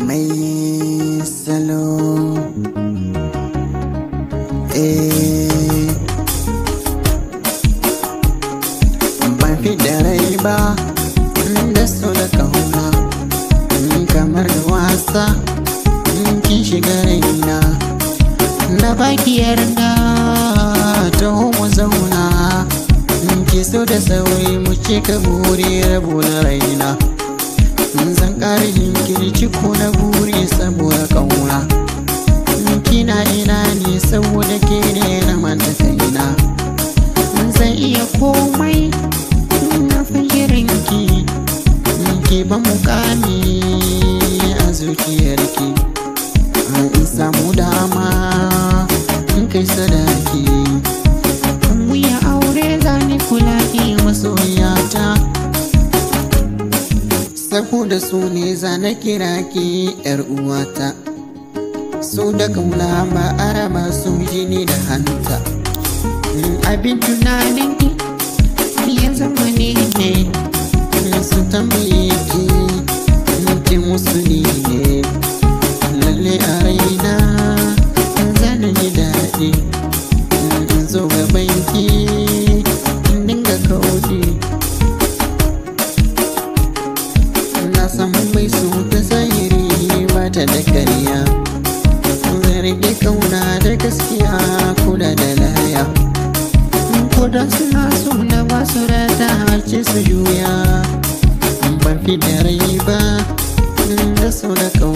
mai salo eh, ban fi da rai ba da su da kauna kamar da wasa kin shiga raina na baki yarda ta mu zauna ki so da sauri mu cika buri rabo na raina zan ƙari na buri saboda kanwa kina ina ne saboda ke ne na manta kaina zan iya komai na fajirin ki ke ba mukami a zuciyar ki in samu dama in kai sadaki da su ne za na kira ki yar uwata su daga kauna ba araba su jini da hanta mm, abin tunanin ki ya zama ne ne mm, su tambaye ki mutum musu ne ne ta da ƙarya zargi kauna da gaskiya kula da laya kudan suna so na ba rata harce su juya ban fi da rai ba da sau da